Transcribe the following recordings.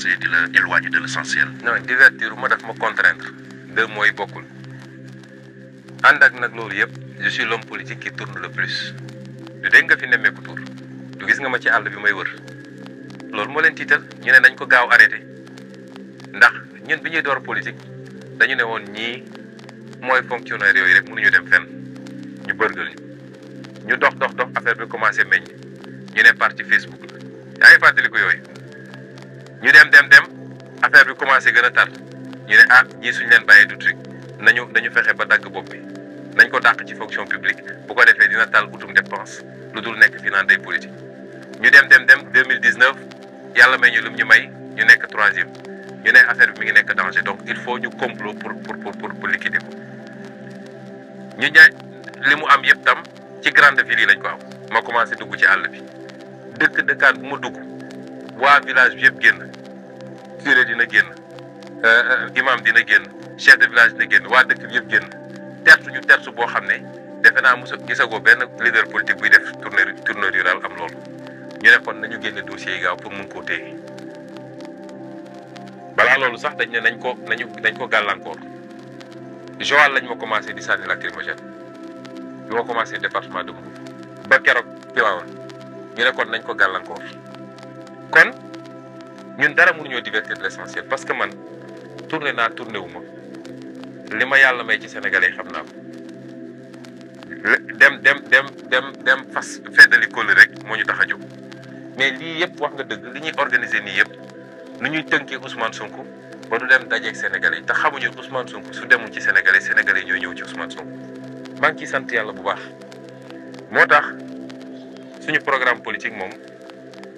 commencé de la éloigner de l'essentiel. non moi, daf me contraindre deux mois, bokkul ànd ak nag loolu yëpp je suis l'homme politique qui tourne le plus du dégg nga fi nemmeeku tour du gis nga ma ci àll bi may wër loolu moo leen tiital ñu ne nañ ko gaaw arrêté ndax ñun bi ñuy door politique dañu ne woon ñii mooy fonctionnaire yooyu rek mënuñu dem fenn ñu bërgal ñu ñu dox dox dox affaire bi commencé meññ ñu ne parti facebook la yaa ngi fàttaliku ñu dem dem dem affaire bi commencé gën a tar ñu ne ah ñii suñ leen bàyyee du truc nañu nañu fexe ba dagg bopp bi nañ ko dàq ci fonction publique bu ko defee dina tal utum dépense lu dul nekk fi naan day politique. ñu dem dem dem 2019 yàlla may ñu lum ñu may ñu nekk troisième ñu ne affaire bi mi ngi nekk danger donc il faut ñu complot pour pour pour pour liquider ko ñu ña li mu am yëpp tam ci grande ville yi lañ ko am ma commencé dugg ci àll bi dëkk dëkkaat bu ma dugg. waa village bi yëpp génn curé dina génn euh, euh, imam dina génn chef de village dina génn waa dëkk bi yëpp génn tertu ñu tertu boo xam ne defe naa mos gisagoo benn leader politique buy def tournée tournée rurale am loolu ñu ne kon nañu génn dossiers yi gaaw pour mu koo téye balaa loolu sax dañ ne nañ ko nañu nañ ko gàllankoor Joal lañ ma commencé di sànni lacrymogène bi ma commencé département de Mbour ba keroog Tivaouane ñu ne nañ ko gàllankoor kon ñun dara mënuñoo divertir l'essentiel parce que man tourné naa tourné wu ma li ma yàlla may ci sénégalais xam naa ko dem dem dem dem dem fas feddali kóllë rek moo ñu tax a jóg mais lii yëpp wax nga dëgg li ñuy organiser nii yëpp lu ñuy tënkee Ousmane Sonko ba du dem dajeeg sénégalais yi te xamuñu Ousmane Sonko su demul ci sénégalais sénégalais ñooy ñëw ci Ousmane Sonko maa ngi ciy sant yàlla bu baax moo tax suñu programme politique moom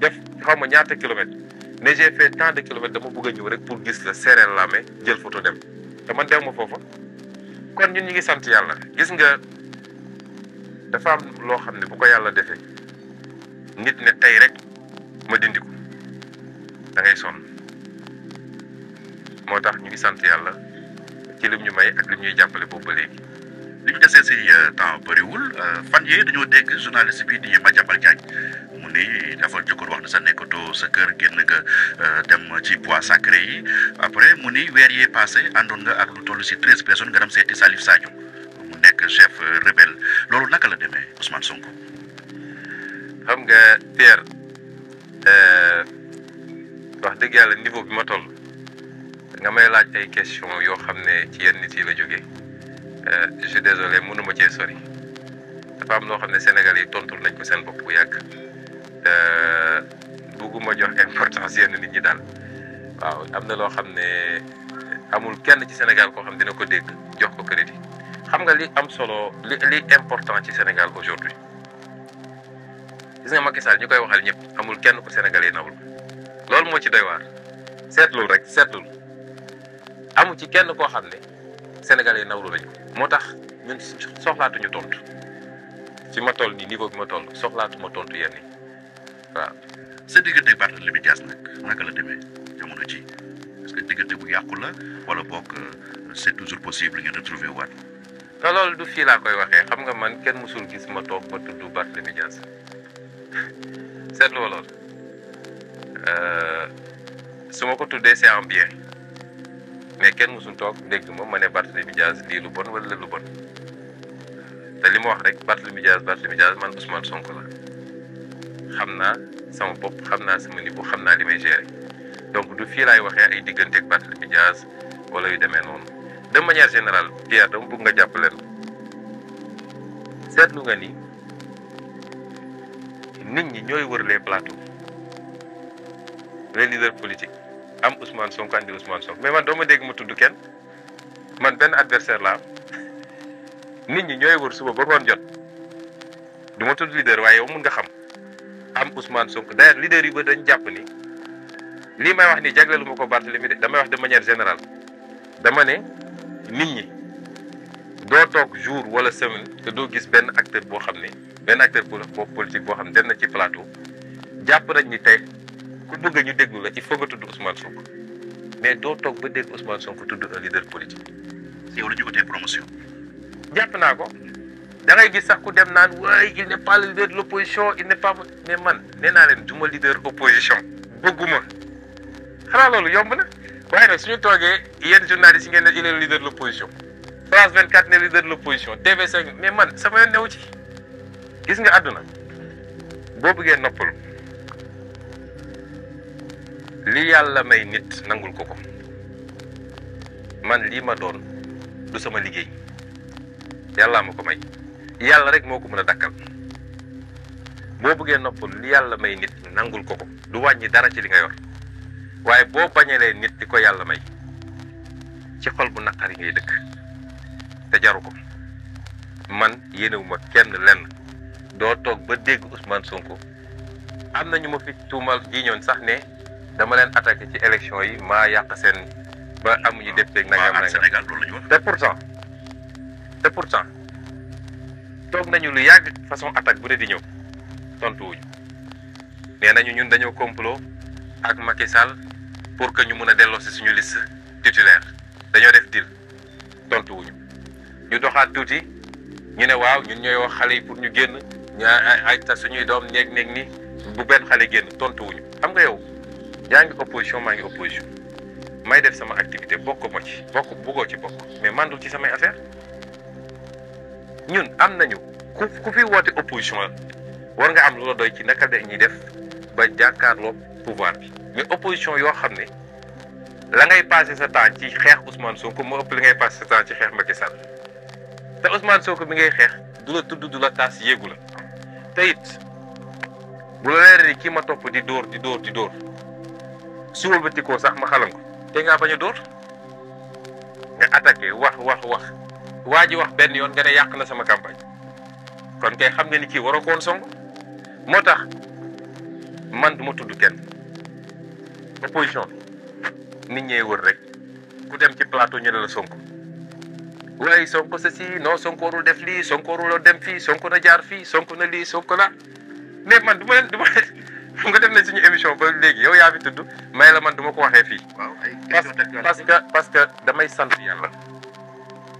def xaw ma ñaata kilomètres ne j'ai fait tant de kilomètres dama bëgg a ñëw rek pour gis la Sereen Lamé jël photo dem te man dew ma foofa kon ñun ñu ngi sant yàlla gis nga dafa am loo xam ne bu ko yàlla defee nit ne tey rek ma dindi ko da sonn moo tax ñu ngi sant yàlla ci lim ñu may ak lim ñuy jàppale boobu ba léegi. li ñu desee si euh, temps bëriwul euh, fan yii dañoo dégg journaliste bi di Madiambal Diagne mu ni dafa jóg sa nekkatoo sa kër génn nga euh, dem ci bois sacré yi après mu ni weer yee passé àndoon nga ak lu toll si treize personnes nga dem seeti Salif Sadio mu nekk chef euh, rebelle loolu naka la demee Ousmane Sonko. xam nga Pierre euh, wax dëgg yàlla niveau bi ma toll nga may laaj ay question yoo xam ne ci yenn nit yi la jógee je suis désolé mënuma cee sori dafa am loo xam ne Sénégal yi tontul nañ ko seen bopp bu yàgg. bëgguma jox importance yenn nit ñi daal waaw am na loo xam ne amul kenn ci Sénégal koo xam dina ko dégg jox ko crédit xam nga li am solo li li important ci Sénégal aujourd'hui gis nga Macky ñu koy waxal ñëpp amul kenn ku Sénégal yi nawul loolu moo ci doy waar seetlul rek seetlul ci kenn koo xam ne Sénégal yi nawlu lañ moo tax ñun soxlaatuñu tontu ci ma toll nii niveau bi ma toll soxlaatu ma tontu yenn waaw sa diggante Barthélémy Dias nag naka la demee jamono ji est que diggante bu yàqu la wala bokk euh, c'est toujours possible ngeen retrouver waat loolu du fii laa koy waxee xam nga man kenn mësul gis ma toog ma tudd Barthélémy Dias seetlu loolu euh, su ma ko tuddee c'est en bien mais kenn mësul toog dégg ma ma ne Barthélémy Dias lii lu bon wala lu bon te li ma wax rek Barthélémy Dias Barthélémy Dias man Ousmane Sonko la xamna sama bop xamna sama nibu xamna limay géré donc du fi lay waxé ay digganteeg Barthélemy Diaz wala yu démé non de manière générale Pierre dama bëgg nga jàpp leen seetlu nga ni nit ñi ñoy wër les plateaux les leaders politiques am Ousmane Sonko andi Ousmane Sonko mais man dama dégg ma tuddu kenn man ben adversaire la nit ñi ñoy wër suba ba ngoon jot duma tuddu leader waye yow mun nga xam am Ousmane Sonko d' ailleurs leader yu ba dañ jàpp ni lii may wax ni jagleelu ma ko Barthélemy de damay wax de manière générale dama ne nit ñi doo toog jour wala semaine te doo gis benn acteur boo xam ne benn acteur politique boo xam ne dem na ci plateau jàpp nañ ni tey ku bëgg ñu déglu la ci faut nga tudd Ousmane Sonko mais doo toog ba dégg Ousmane Sonko tudd un leader politique. yow la ñu jàpp naa ko. da gis sax dem naan waaye il n'est pas le leader de l'opposition il n'est pas mais man nee naa leen du ma leader opposition bëgguma xanaa loolu yomb na waaye nag suñu toogee yenn journalistes yi ngeen ne il est le leader de l'opposition France 24 ne leader de l'opposition TV5 mais man sama yoon ci gis nga àdduna boo bëggee noppalu li yàlla may nit nangul ko ko man lii ma doon du sama liggéey yàllaa ma ko may yàlla rek moo ko mën a dakkal boo bëggee noppal li yàlla may nit nangul ko ko du wàññi dara ci li nga yor waaye boo bañalee nit di ko yàlla may ci xol bu naqari ngay dëkk te jaru ko man yéenewuma kenn lenn doo toog ba dégg Ousmane Sonko am na ñu ma fi tuumal jiiñoon sax ne dama leen attaqué ci élection yi maa yàq seen ba amuñu député nangam nangam te pourtant te pourtant toog nañu lu yàgg façon attaque bu ne di ñëw tontuwuñu nee nañu ñun dañoo complot ak Macky Sall pour que ñu mun a delloo si suñu liste titulaire dañoo def deal tontuwuñu ñu doxaat tuuti ñu ne waaw ñun ñooy wax xale yi pour ñu génn ñu ay ta suñuy doom néeg néeg ni bu benn xale génn tontuwuñu am nga yow yaa ngi opposition maa ngi opposition may def sama activité bokk ma ci bokk buggoo ci bokk mais mandul ci samay affaire ñun am nañu ku ku fi woote opposition war nga am lu la doy ci naka la ñuy def ba jàkkaarloo pouvoir bi mais opposition yoo xam ne la ngay passé sa temps ci xeex soo ko moo ëpp li ngay passé sa temps ci xeex Macky Sall te soo ko bi ngay xeex du la tudd du la taas yéegu la te it bu la leeree kii ma topp di dóor di dóor di dóor suba sax ma xalam ko te ngaa bañ a dóor nga attaqué wax wax wax. waa ji wax benn yoon nga ne yàq na sama campagne kon kay xam nga ni ci waroo ko woon song moo tax man du ma tudd kenn opposition bi nit ñee wër rek ku dem ci plateau ñu ne la Sonko waaye Sonko ceci non Sonko warul def lii Sonko warul dem fii Sonko na jaar fii Sonko na lii Sonko la mais man du ma leen du ma nga def nañ suñu émission ba léegi yow yaa fi tudd may la man du ma ko waxee fii. waaw parce que parce que damay sant yàlla.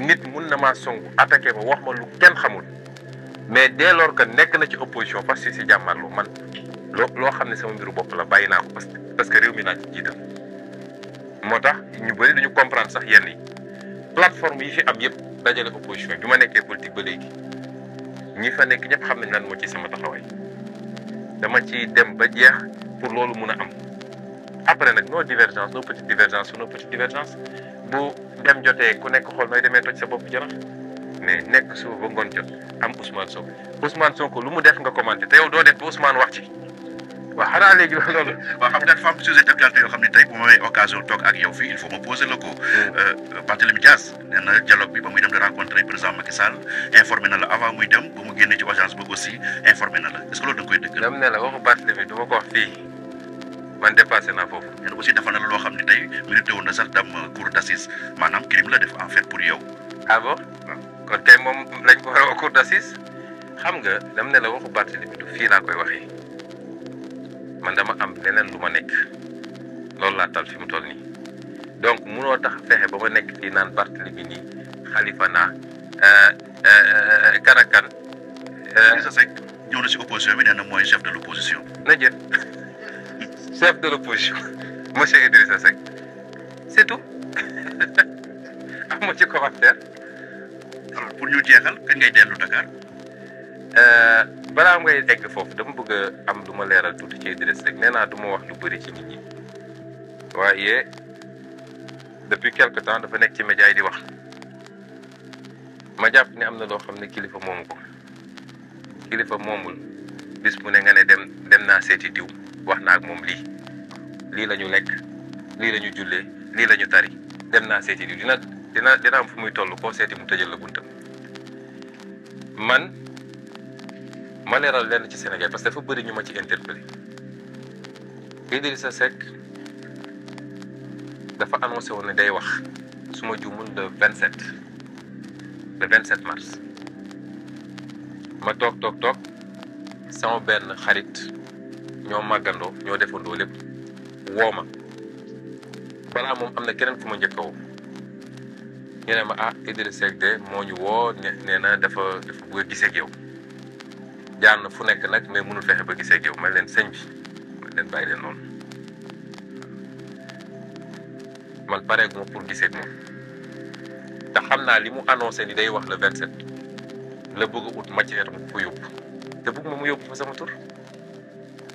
nit mun na ma songu attaqué ma wax ma lu kenn xamul mais dès lors que nekk na ci opposition parce que si jàmmarlu man loo loo xam ne sama mbiru bopp la bàyyi naa ko parce que réew mi naa ci moo tax ñu bëri dañu comprendre sax yenn yi plateforme yi fi am yëpp dajale opposition bi ma nekkee politique ba léegi ñi fa nekk ñëpp xam nañ lan moo ci sama taxawaay dama ci dem ba jeex pour loolu mun a am après nag nos divergences nos petites divergences nos petites bu dem jotee ku nekk xool nooy demee toj sa bopp jarax nekk suba ba ngoon jot am Ousmane Sonko Ousmane Sonko lu mu def nga commenté te yow doo def ba Ousmane wax ci waaw xanaa léegi loolu. waaw xam nga dafa am sujet d'actualité yoo xam ne tey bu ma may occasion toog ak yow fii il faut ma poser le ko. Mm. Euh, Barthélémy Dias nee dialogue bi ba muy dem di rencontrer président Macky Sall informé na la avant muy dem ba mu génnee ci agence ba aussi informé na la est du ma ko wax fii. man dépassé naa foofu. yéen aussi dafa na loo xam ne tey mérité woon na sax dam euh, cour d'assises maanaam crime la def en fait pour yow. ah kon kay moom lañ ko xam nga dama ne la waxu Barthélémy fii laa koy waxee man dama am leneen lu ma nekk loolu laa tal fi mu toll nii donc munoo tax fexe ba ma nekk di naan Barthélémy nii xalifa naa euh, euh, kan ak kan. Idrissa Seck ñëw na si opposition bi nee na chef de l'opposition. na jël. chef de l'opposition monsieur Idrissa Seck c'est tout amoo ci commentaire. pour ñu jeexal kañ ngay dellu Dakar. Euh, balaa ngay egg foofu dama bëgg a am lu ma leeral tuuti ci Idrissa Seck nee naa du ma wax lu bëri ci nit ñi waaye depuis quelque temps dafa nekk ci média yi di wax ma jàpp ni am na loo xam ne kilifa moomu ko kilifa moomul bis mu ne nga ne dem dem naa seeti diw. wax naa ak moom lii lii la ñu lekk lii la ñu jullee lii la ñu tari dem naa seeti diw dina dina dina am fu muy toll koo seeti mu tëjal la buntam man ma leeral lenn ci Sénégal parce que dafa bëri ñu ma ci interpellé Idrissa Seck dafa annoncé woon ne day wax suma jumul le 27 le 27 mars ma toog toog toog sama benn xarit ñoo màggandoo ñoo defandoo lépp woo ma balaa moom am na keneen fu ma njëkk a woo ma ah Idrissa Seck de moo ñu woo ne nee na dafa dafa bëgg a gisee ak jaar na fu nekk nag mais mënul fexe ba gisee ak yow ma leen sëñ bi leen bàyyi leen noonu man pareeguma pour gisee moom te xam naa li mu annoncé ni day wax la 27 la bëgg a ut matière mu yóbbu te bëgg ma mu yóbbu fa sama tur.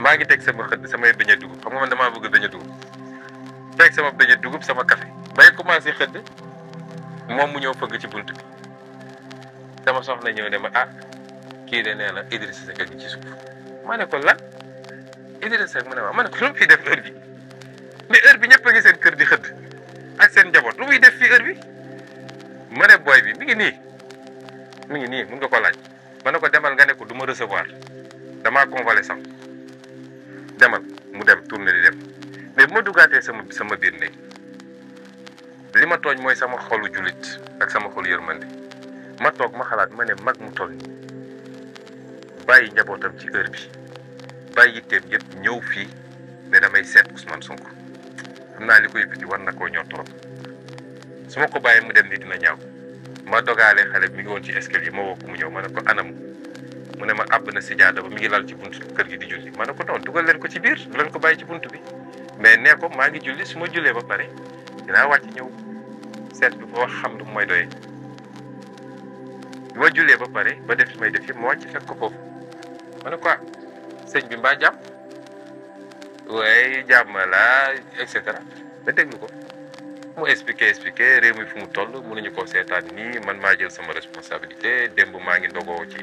maa ngi teg sama xëdd samay a dugub xam nga man damaa bëgg beñe dugub teg sama beñe dugub sama café bay commencé xëdd moom mu ñëw fëgg ci bunt bi sama soxna ñëw ne ma ah kii de nee na Idrissa Seck gi ci suuf ma ko lan Idrissa Seck mu ma ma ne ko lu def heure bi mais heure bi ñëpp a seen kër di xëdd ak seen njaboot lu muy def fii heure bi ma ne booy bi mi ngi nii mu ngi nii mun nga ko laaj ma ne ko demal nga ne ko du ma recevoir damaa convalescent demal mu dem tourner di dem mais bu ma dugaté sama sama bir ne lima togn moy sama xolu julit ak sama xolu yermandi. ma tok ma xalat mané mag mu togn bayyi njabotam ci heure bi bayyi yitteem yëpp ñew fi né damay seet Ousmane Sonko amna liko li war na ñor ko bayyi mu dem ni dina ñaw ma dogalé xalé mi ngi won ci escalier mo mu ñew ma ko anam mu ne ma àbb na sijaada ba mi ngi lal ci buntu kër gi di julli ma ne ko non dugal leen ko ci biir bu ko bàyyi ci buntu bi mais nee ko maa ngi julli su ma jullee ba pare dinaa wàcc ñëw seet bi mooy doyee bi ba pare ba def may def yëpp ma wàcc fekk ko foofu ma ne quoi ah, sëñ bi mbaa jàmm waaye jàmm laa et cetera ba déglu ko mu expliqué expliqué réew mi fi mu toll ñu ko seetaan nii man maa jël sama responsabilité démb maa ngi ndogoo ci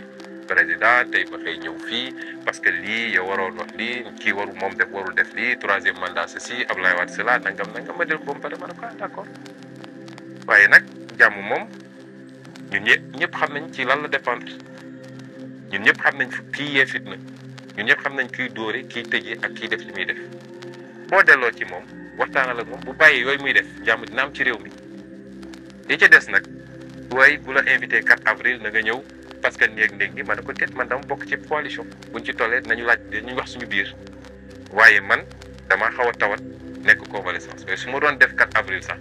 président tey ma xëy ñëw fii parce que lii yow waroon wax lii kii waru moom def warul def lii troisième mandat ceci Abdoulaye Wade cela nangam nangam ma def ba mu pare ma a ko ah d' accord waaye nag jàmm moom ñun ñë ñëpp xam nañ ci lan la dépendre ñun ñëpp xam nañ kii yee fitna ñun ñëpp xam nañ kiy dóore kiy tëjee ak kiy def li muy def boo delloo ci moom waxtaanal ak moom bu bàyyi yooyu muy def jàmm dina am ci réew mi li ci des nag waaye bu la invité 4 avril na nga ñëw. parce que néeg néeg nii ma ko déet man dama bokk ci coalition buñ ci tollee nañu laaj dañuy wax suñu biir waaye man damaa xaw a tawat nekk convalescence mais su ma doon def 4 avril sax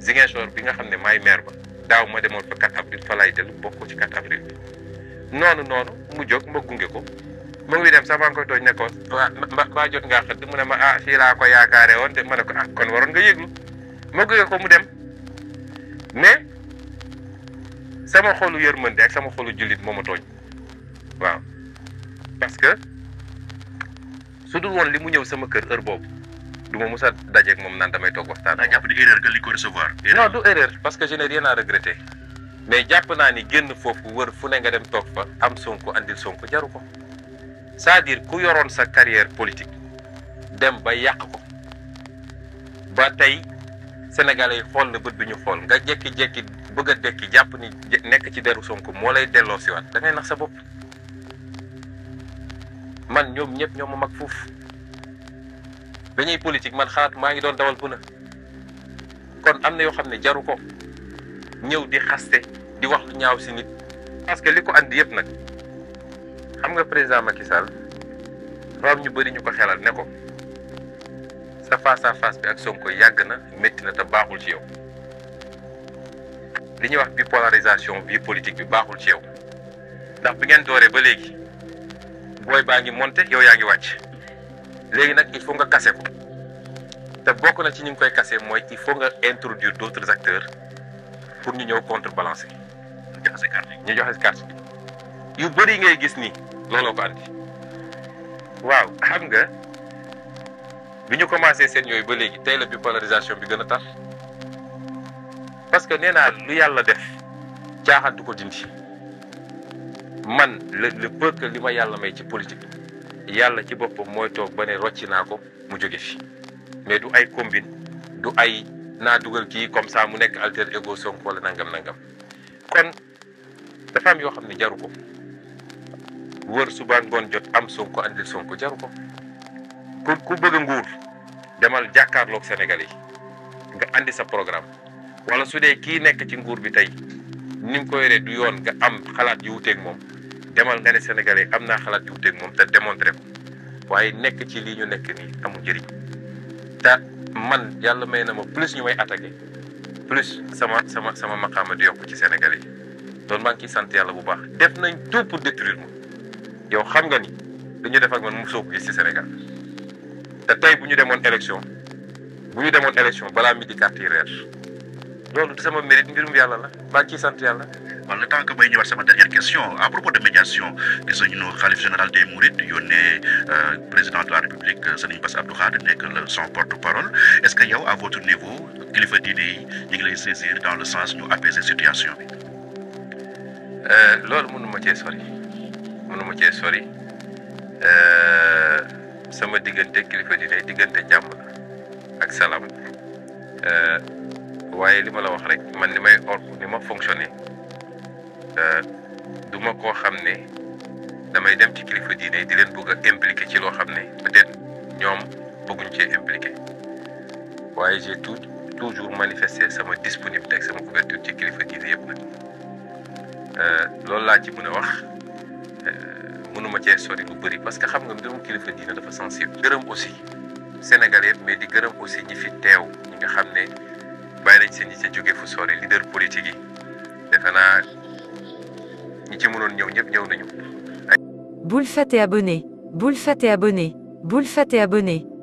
Ziguinchor bi nga xam ne maay meer ba daaw ma demoon fa 4 avril fa laay dellu bokk ci 4 avril bi noonu noonu mu jóg ma gunge ko mu ngi dem sax maa ngi koy tooñ nekkoon waaw mbaa jot ngaa xëdd mu ne ma ah fii laa ko yaakaaree woon te ma ne ko ah kon waroon nga yëglu ma ko mu dem sama xolu yërmande ak sama xolu julit moma ma waaw parce que sudul won limu ñew sama kër heure boobu du ma musa ak mom nan damay tok waxtaan. daa jàpp ni erreur nga liko recevoir. non du erreur parce que je n'ai rien à regretter mais japp na ni genn fofu wër fu ne nga dem tok fa am sonko andil sonko jaru ko c'est-à-dire ku yoron sa carrière politique dem ba yak ko ba tay sénégalais xol na bëd bët bi ñu xol nga jekki jekki bëgg a dekki jàpp ni nekk ci deru Sonko moo lay delloo siwaat da ngay nax sa bopp man ñoom ñëpp ñoom ma mag fuuf dañuy politique man xalaat maa ngi doon dawal puna kon am na yoo xam ne jaru ko ñëw di xaste di wax lu ñaaw si nit parce que li ko andi yëpp nag xam nga président Macky Sall raam ñu bëri ñu ko xelal ne ko sa face à face bi ak Sonko yàgg na métti na te baaxul ci yow li ñuy wax bipolarisation vie politique bi baaxul ci yow ndax bi ngeen dooree ba léegi booy baa ngi monté yow yaa ngi wàcc léegi nag il faut nga kase ko te bokk na ci ñu ngi koy kase mooy il faut nga introduire d' autres acteurs pour ñu ñëw contrebalancer. ñu joxe ñu joxe carte yi yu bëri ngay gis ni looloo ko andi waaw xam nga bi ñu commencé seen yooyu ba léegi tey la bipolarisation bi gën a tar. parce que nee naa lu yàlla def caaxaan du ko dindi man le le peu que li ma yàlla may ci politique yàlla ci boppam mooy toog ba ne rocci naa ko mu jóge fi mais du ay combine du ay naa dugal kii comme ça mu nekk alter ego Sonko wala nangam nangam kon dafa am yoo xam ne jaru ko wër suba ngoon jot am Sonko andil Sonko jaru ko ku ku bëgg nguur demal jàkkaarlook Sénégal yi nga andi sa programme. wala su dee kii nekk ci nguur bi tey ni mu ko yoree du yoon nga am xalaat yu wuteeg moom demal nga ne sénégalais am naa xalaat yu wuteeg moom te démontré ko waaye nekk ci lii ñu nekk nii amul njëriñ te man yàlla may na ma plus ñu may attaqué plus sama sama sama maqaama di yokk ci sénégalais doon loolu maa sant yàlla bu baax def nañ tout pour yow xam nga ni li ñu def ak man mosoo ko gis ci Sénégal te tey bu ñu demoon élection bu ñu demoon élection balaa midi carte loolu du sama mérite mbirum yàlla la maa ngi ciy sant yàlla. waaw le temps que may ñëwaat sama dernière question à propos de médiation gis nañu ne xalif général des Mourides yónnee euh, président de la République euh, Serigne Bass Abdou Khadre nekk le son porte-parole est-ce que yow à votre niveau kilifa diine yi ñu ngi lay saisir dans le sens ñu apaiser situation bi. Euh, loolu mënu ma cee sori mënu ma cee sori sama diggante kilifa diine diggante jàmm ak salaam. waaye li ma la wax rek man ni may or ni ma fonctionné du ma koo xam ne damay dem ci kilifa diine di leen bëgg a impliqué ci loo xam ne peut-être ñoom bëgguñ cee impliqué waaye j'ai tout toujours manifesté sama disponibilité teg sama couverture ci kilifa diine yëpp nag euh, loolu laa ci mën a wax euh, mënuma cee sori lu bëri parce que xam nga mbirum kilifa diine dafa sensible gërëm aussi Sénégal yëpp mais di gërëm aussi ñi fi teew ñi nga xam ne bàyyi nañ seen yitte jóge fu sori leader politique yi defe naa ñi ci mënoon ñëw ñëpp ñëw nañu. bul et abonné bul et abonné bul et abonné.